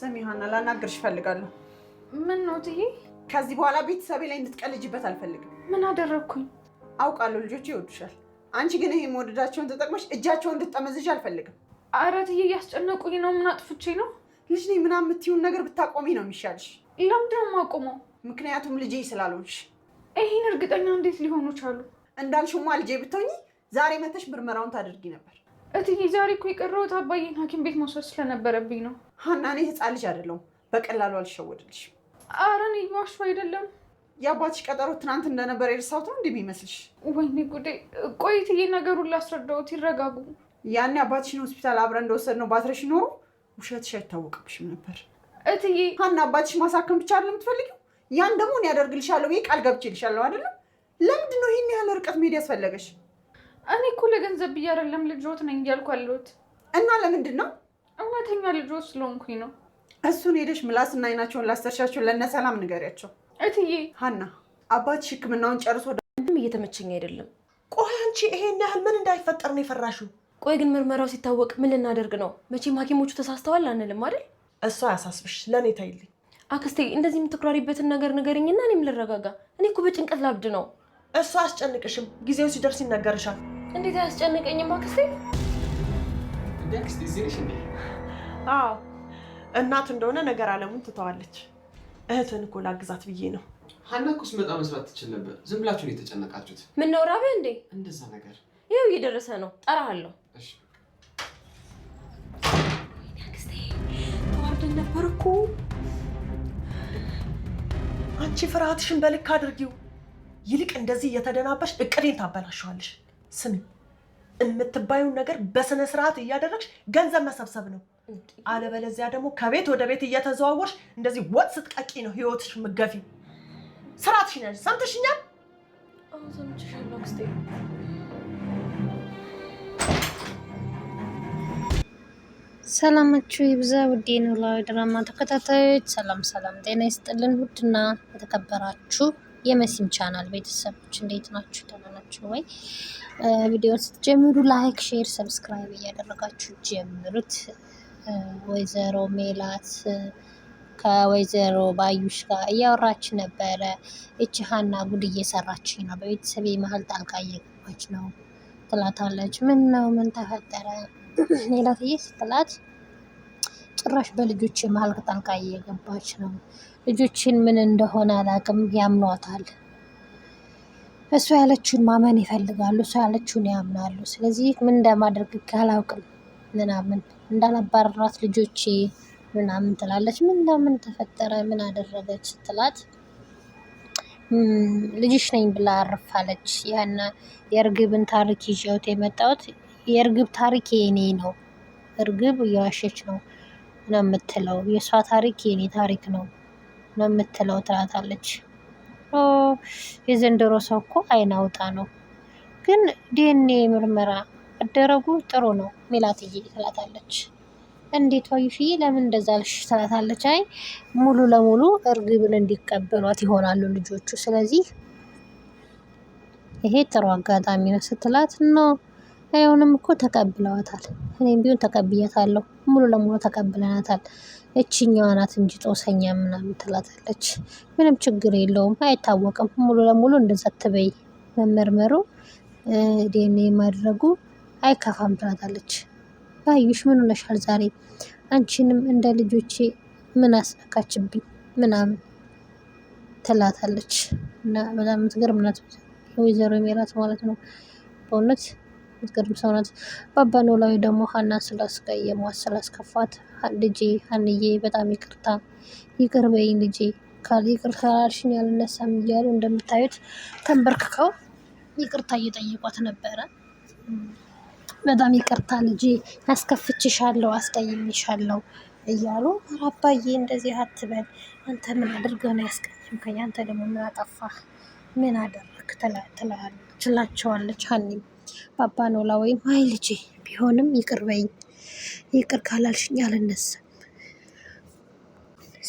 ስም ይሆናል። ላናግርሽ እፈልጋለሁ። ምን ነው ትዬ? ከዚህ በኋላ ቤተሰቤ ላይ እንድትቀልጅበት አልፈልግም። ምን አደረግኩኝ? አውቃለሁ ልጆች ይወዱሻል። አንቺ ግን ይሄ መወደዳቸውን ተጠቅመሽ እጃቸውን እንድትጠመዝዥ አልፈልግም። አረ ትዬ እያስጨነቁኝ ነው። ምን አጥፍቼ ነው? ልጅ ነኝ ምናምን የምትይውን ነገር ብታቆሚ ነው የሚሻልሽ። ለምንድን ነው የማቆመው? ምክንያቱም ልጄ ስላልሆንሽ። ይህን እርግጠኛ እንዴት ሊሆኑ ቻሉ? እንዳልሽማ ልጄ ብትሆኚ ዛሬ መተሽ ምርመራውን ታደርጊ ነበር። እትዬ ዛሬ እኮ የቀረሁት አባዬን ሐኪም ቤት መውሰድ ስለነበረብኝ ነው። ሀና እኔ ህፃን ልጅ አይደለሁም፣ በቀላሉ አልሸወድልሽም። ኧረ እኔ እየዋሸሁ አይደለም። የአባትሽ ቀጠሮ ትናንት እንደነበረ የረሳሁት ነው እንዴ የሚመስልሽ? ወይኔ ጉዴ! ቆይ እትዬ ነገሩን ላስረዳሁት፣ ይረጋጉ። ያኔ አባትሽን ሆስፒታል አብረን እንደወሰድነው ባትረሽ ኖሮ ውሸትሽ አይታወቅብሽም ነበር። እትዬ ሀና አባትሽ ማሳከም ብቻ አይደለም የምትፈልጊው፣ ያን ደግሞ እኔ ያደርግልሻለሁ ብዬ ቃል ገብቼልሻለሁ አይደለም። ለምንድን ነው ይህን ያህል ርቀት መሄድ ያስፈለገሽ? እኔ እኮ ለገንዘብ ብዬ አይደለም ልጆት ነኝ እያልኩ ያለሁት። እና ለምንድን ነው? እውነተኛ ልጆት ስለሆንኩኝ ነው። እሱን ሄደሽ ምላስና አይናቸውን ላስተርሻቸው ለእነ ሰላም ንገሪያቸው። እትዬ ሀና፣ አባትሽ ህክምናውን ጨርሶ እየተመቸኝ አይደለም። ቆይ አንቺ ይሄን ያህል ምን እንዳይፈጠር ነው የፈራሽው? ቆይ ግን ምርመራው ሲታወቅ ምን ልናደርግ ነው? መቼም ሐኪሞቹ ተሳስተዋል አንልም አይደል? እሱ አያሳስብሽ፣ ለእኔ ተይልኝ። አክስቴ እንደዚህ የምትኩራሪበትን ነገር ንገርኝና እኔም ልረጋጋ። እኔ እኮ በጭንቀት ላብድ ነው እሱ አያስጨንቅሽም። ጊዜው ሲደርስ ይነገርሻል። እንዴት አያስጨንቀኝም አክስቴ? አዎ እናት እንደሆነ ነገር አለሙን ትተዋለች። እህትን እኮ ላግዛት ብዬ ነው። ሀና እኮ ስመጣ መስራት ትችል ነበር። ዝም ብላችሁ ነው የተጨነቃችሁት። ምነው ራበህ እንዴ? እንደዛ ነገር ይኸው እየደረሰ ነው። ጠራሃለሁ። አክስቴ ተዋርደን ነበር እኮ። አንቺ ፍርሃትሽን በልክ አድርጊው ይልቅ እንደዚህ እየተደናበሽ እቅዴን ታበላሸዋለሽ። ስሚ የምትባዩን ነገር በስነ ስርዓት እያደረግሽ ገንዘብ መሰብሰብ ነው። አለበለዚያ ደግሞ ከቤት ወደ ቤት እየተዘዋወርሽ እንደዚህ ወጥ ስትቀቂ ነው ህይወትሽ ምገፊ። ስርዓትሽን ያዥ። ሰምተሽኛል? ሰላማችሁ ይብዛ ውዴ ኖላዊ ድራማ ተከታታዮች፣ ሰላም ሰላም፣ ጤና ይስጥልን። ውድና የተከበራችሁ የመሲም ቻናል ቤተሰቦች እንዴት ናችሁ? ደህና ናችሁ ወይ? ቪዲዮን ስትጀምሩ ላይክ፣ ሼር፣ ሰብስክራይብ እያደረጋችሁ ጀምሩት። ወይዘሮ ሜላት ከወይዘሮ ባዩሽ ጋር እያወራች ነበረ። እቺ ሀና ጉድ እየሰራች ነው፣ በቤተሰቤ መሀል ጣልቃ እየገባች ነው ትላታለች። ምን ነው ምን ተፈጠረ? ሜላትዬ ስትላት ጭራሽ በልጆች መሀል ጣልቃ እየገባች ነው። ልጆችን ምን እንደሆነ አላቅም፣ ያምኗታል። እሷ ያለችውን ማመን ይፈልጋሉ፣ እሷ ያለችውን ያምናሉ። ስለዚህ ምን እንደማደርግ አላውቅም ምናምን እንዳላባረራት ልጆቼ ምናምን ትላለች። ምን ለምን ተፈጠረ ምን አደረገች ትላት ልጅሽ ነኝ ብላ አርፋለች። ያን የእርግብን ታሪክ ይዤውት የመጣሁት የእርግብ ታሪክ የኔ ነው። እርግብ እየዋሸች ነው። ነው የምትለው። የእሷ ታሪክ የኔ ታሪክ ነው ነው የምትለው ትላታለች። የዘንድሮ ሰው እኮ አይን አውጣ ነው፣ ግን ዲኤንኤ ምርመራ አደረጉ ጥሩ ነው ሜላትዬ ትላታለች። እንዴት ወይፍዬ ለምን እንደዛ አልሽ? ትላታለች። አይ ሙሉ ለሙሉ እርግብን እንዲቀበሏት ይሆናሉ ልጆቹ፣ ስለዚህ ይሄ ጥሩ አጋጣሚ ነው ስትላት ነው አሁንም እኮ ተቀብለዋታል። እኔም ቢሆን ተቀብያታለሁ። ሙሉ ለሙሉ ተቀብለናታል። እችኛዋ ናት እንጂ ጦሰኛ ምናምን ትላታለች። ምንም ችግር የለውም አይታወቅም። ሙሉ ለሙሉ እንደዛ መመርመሩ ዴኔ ማድረጉ አይከፋም ትላታለች። ባዩሽ ምን ሆነሻል ዛሬ? አንቺንም እንደ ልጆቼ ምን አስነካችብኝ ምናምን ትላታለች። እና በጣም የምትገርም ናት ወይዘሮ ሜላት ማለት ነው በእውነት የምትገርም ሰው ናት። በአባ ኖላዊ ደግሞ ሀናን ስላስቀየሟት ስላስከፋት፣ ልጄ ሀንዬ በጣም ይቅርታ ይቅር በይኝ ልጄ ይቅር ካላልሽኝ አልነሳም እያሉ እንደምታዩት ተንበርክከው ይቅርታ እየጠየቋት ነበረ። በጣም ይቅርታ ልጄ አስከፍችሻለሁ፣ አስቀይሜሻለሁ እያሉ አባዬ እንደዚህ አትበል፣ አንተ ምን አድርገህ ነው ያስቀየምከኝ? አንተ ደግሞ ምን አጠፋህ? ምን አደረግ ትላቸዋለች ሀኒም አባ ኖላዊም አይ ልጄ ቢሆንም ይቅር በይኝ፣ ይቅር ካላልሽኝ አልነሳም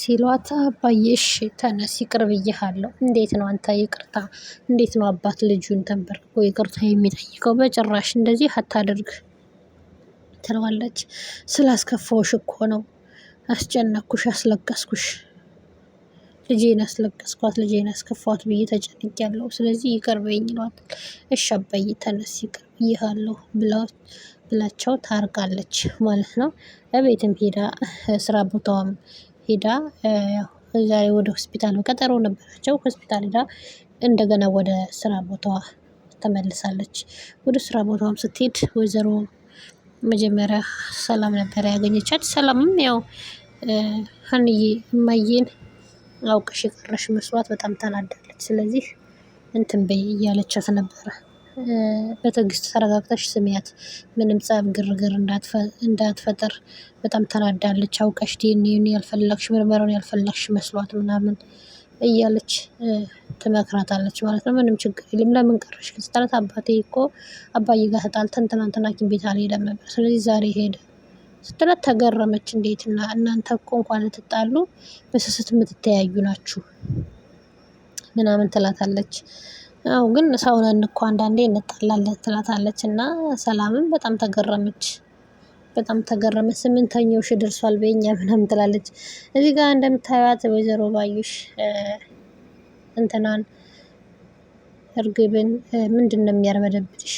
ሲሏት አባዬ እሺ ተነስ ይቅር ብዬሃለሁ። እንዴት ነው አንተ ይቅርታ እንዴት ነው አባት ልጁን ተንበርክኮ ይቅርታ የሚጠይቀው? በጭራሽ እንደዚህ አታደርግ ትለዋለች። ስላስከፋውሽ እኮ ነው፣ አስጨነኩሽ፣ አስለቀስኩሽ ልጄን አስለቀስኳት፣ ልጄን አስከፋት ብዬ ተጨንቅ ያለው ስለዚህ ይቅር በይኝ ይሏት። እሺ አባዬ ተነስ ይቅር ብያለሁ ብላቸው ታርቃለች ማለት ነው። ቤትም ሄዳ ስራ ቦታውም ሄዳ ዛሬ ወደ ሆስፒታል ቀጠሮ ነበራቸው። ሆስፒታል ሄዳ እንደገና ወደ ስራ ቦታዋ ተመልሳለች። ወደ ስራ ቦታውም ስትሄድ ወይዘሮ መጀመሪያ ሰላም ነበረ ያገኘቻት። ሰላምም ያው ሀንዬ እማዬን አውቀሽ የቀረሽ መስሏት በጣም ተናዳለች። ስለዚህ እንትን በይ እያለቻት ነበረ። በትዕግስት ተረጋግተሽ ስሚያት፣ ምንም ጸብ፣ ግርግር እንዳትፈጠር በጣም ተናዳለች። አውቀሽ ዲኤንኤውን ያልፈለግሽ ምርመራውን ያልፈለግሽ መስሏት ምናምን እያለች ትመክራታለች ማለት ነው። ምንም ችግር የለም ለምን ቀረሽ ስታላት፣ አባቴ እኮ አባዬ ጋር ተጣልተን ትናንትና ሐኪም ቤት አልሄደም ነበር፣ ስለዚህ ዛሬ ሄደ ስትላት ተገረመች። እንዴት እና እናንተ እኮ እንኳን ልትጣሉ በስስት የምትተያዩ ናችሁ ምናምን ትላታለች። አዎ ግን ሰው ነን እኮ አንዳንዴ እንጣላለን ትላታለች። እና ሰላምም በጣም ተገረመች። በጣም ተገረመ። ስምንተኛው ሺ ደርሷል በኛ ምናምን ትላለች። እዚህ ጋር እንደምታዩት ወይዘሮ ባዩሽ እንትናን እርግብን ምንድን ነው የሚያርመደብሽ?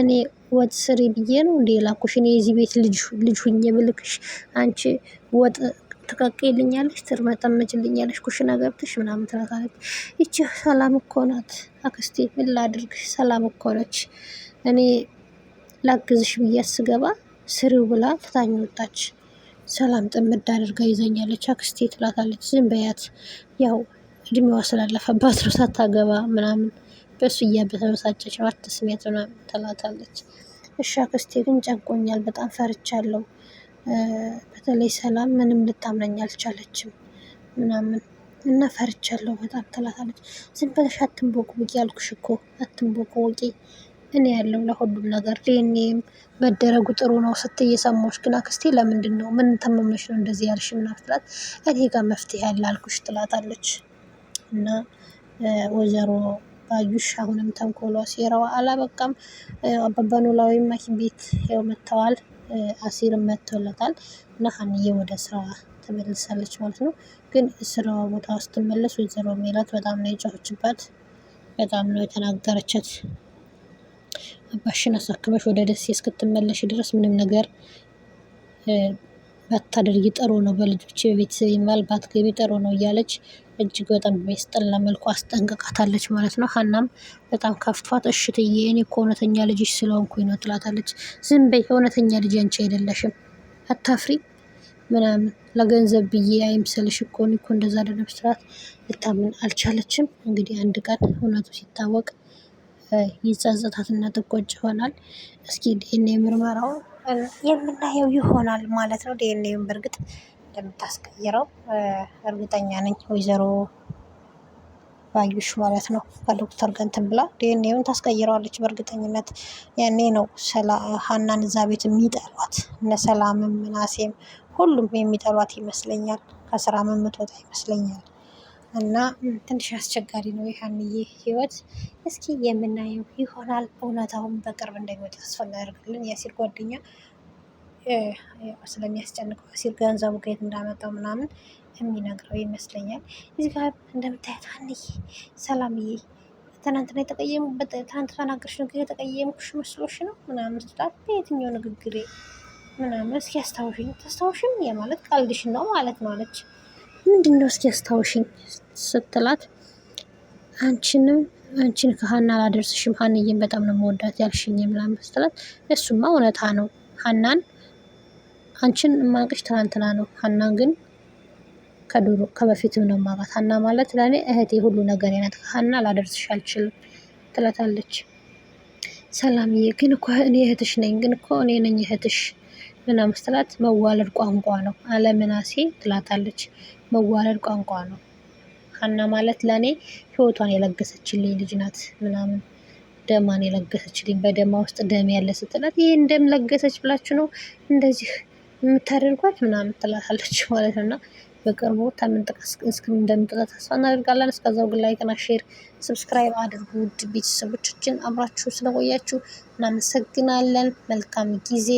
እኔ ወጥ ስሪ ብዬ ነው እንዴ ላኩሽ? እኔ የዚህ ቤት ልጅ ሁኜ ብልክሽ አንቺ ወጥ ትቀቅልኛለሽ፣ ትርመጠመጭልኛለሽ፣ ኩሽና ገብተሽ ምናምን ትላታለች። ይቺ ሰላም እኮ ናት አክስቴ፣ ምን ላድርግ? ሰላም እኮ ነች። እኔ ላግዝሽ ብዬ ስገባ ስሪው ብላ ትታኝ ወጣች። ሰላም ጥምድ አድርጋ ይዘኛለች። አክስቴ ትላታለች። ዝም በያት፣ ያው እድሜዋ ስላለፈባት ነው ሳታገባ ምናምን በእሱ እያበሰበሳጨች ነው። አትስሜት ምናምን ትላታለች። እሺ አክስቴ ግን ጨንቆኛል፣ በጣም ፈርቻለሁ። በተለይ ሰላም ምንም ልታምነኝ አልቻለችም ምናምን እና ፈርቻለሁ በጣም ትላታለች። ዝም ብለሽ አትንቦቁ ብዬ አልኩሽ እኮ አትንቦቁ ውቂ እኔ ያለው ለሁሉም ነገር ዲኤንኤም መደረጉ ጥሩ ነው ስትይ የሰማሁሽ ግን አክስቴ ለምንድን ነው ምን ተመመሽ ነው እንደዚህ ያልሽ ምናምን ትላት። እኔ ጋር መፍትሄ ያለ አልኩሽ ትላታለች እና ወይዘሮ ባዩሽ አሁንም ተንኮሏ ሴራው አላበቃም። በኖላዊ ማኪ ቤት ያው መጥተዋል። አሲርም መጥቶለታል እና ሀንዬ ወደ ስራ ተመልሳለች ማለት ነው። ግን ስራ ቦታ ስትመለስ ወይዘሮ ሜላት በጣም ነው የጮኸችባት፣ በጣም ነው የተናገረቻት። አባሽን አሳክመሽ ወደ ደሴ እስክትመለሽ ድረስ ምንም ነገር ባታደርጊ ጥሩ ነው፣ በልጆች በቤተሰብ ባትገቢ ጥሩ ነው እያለች እጅግ በጣም የሚያስጠላ መልኩ አስጠንቅቃታለች ማለት ነው። ሀናም በጣም ከፍቷት እሽትዬ፣ እኔ እኮ እውነተኛ ልጅሽ ስለሆንኩኝ ነው ትላታለች። ዝም በይ፣ እውነተኛ ልጅ አንቺ አይደለሽም፣ አታፍሪ ምናምን ለገንዘብ ብዬ አይምሰልሽ እኮ እኔ እኮ እንደዛ አይደለም ስላት ልታምን አልቻለችም። እንግዲህ አንድ ቀን እውነቱ ሲታወቅ ይጸጸታትና ትቆጭ ይሆናል። እስኪ ዲኤንኤ ምርመራው የምናየው ይሆናል ማለት ነው። ዲኤንኤውን በእርግጥ እንደምታስቀይረው እርግጠኛ ነኝ ወይዘሮ ባዩሽ ማለት ነው። ከዶክተር ጋር እንትን ብላ ዲኤንኤውን ታስቀይረዋለች በእርግጠኝነት። ያኔ ነው ሀናን እዛ ቤት የሚጠሏት እነ ሰላምም ምናሴም ሁሉም የሚጠሏት ይመስለኛል። ከስራ የምትወጣ ይመስለኛል። እና ትንሽ አስቸጋሪ ነው የሀንዬ ህይወት። እስኪ የምናየው ይሆናል። እውነታውን በቅርብ እንደሚወጣ ተስፋ እናደርጋለን። የአሲር ጓደኛ ስለሚያስጨንቀው ሲል ገንዘቡ ከየት እንዳመጣው ምናምን የሚነግረው ይመስለኛል። እዚህ ጋር እንደምታያት አንዬ ሰላምዬ ትናንትና የተቀየሙ ትናንት ተናገርሽ ንግግር የተቀየምኩሽ መስሎሽ ነው ምናምን ስትላት በየትኛው ንግግሬ ምናምን እስኪ አስታውሽኝ ታስታውሽኝ የማለት ቀልድሽ ነው ማለት ነው አለች። ምንድን ነው እስኪ አስታውሽኝ ስትላት አንቺንም አንቺን ከሀና አላደርስሽም ሀንዬን በጣም ነው መወዳት ያልሽኝ ምናምን ስትላት እሱማ እውነታ ነው ሀናን አንቺን የማውቅሽ ትናንትና ነው። ሀናን ግን ከድሮ ከበፊትም ነው የማውቃት። ሀና ማለት ለእኔ እህቴ ሁሉ ነገር ናት። ከሀና ላደርስሽ አልችልም ትላታለች። ሰላምዬ ግን እኮ እኔ እህትሽ ነኝ፣ ግን እኮ እኔ ነኝ እህትሽ ምናምን ስትላት መዋለድ ቋንቋ ነው አለምናሴ ትላታለች። መዋለድ ቋንቋ ነው። ሀና ማለት ለእኔ ህይወቷን የለገሰችልኝ ልጅ ናት ምናምን ደማን የለገሰችልኝ በደማ ውስጥ ደም ያለ ስትላት ይህ ደም ለገሰች ብላችሁ ነው እንደዚህ የምታደርጓት ምናምን ትላታለች ማለት ነው እና በቅርቡ እንደምንጠጣ ተስፋ እናደርጋለን። እስከዛው ግን ላይክና ሼር፣ ሰብስክራይብ አድርጉ። ውድ ቤተሰቦቻችን አብራችሁ ስለቆያችሁ እናመሰግናለን። መልካም ጊዜ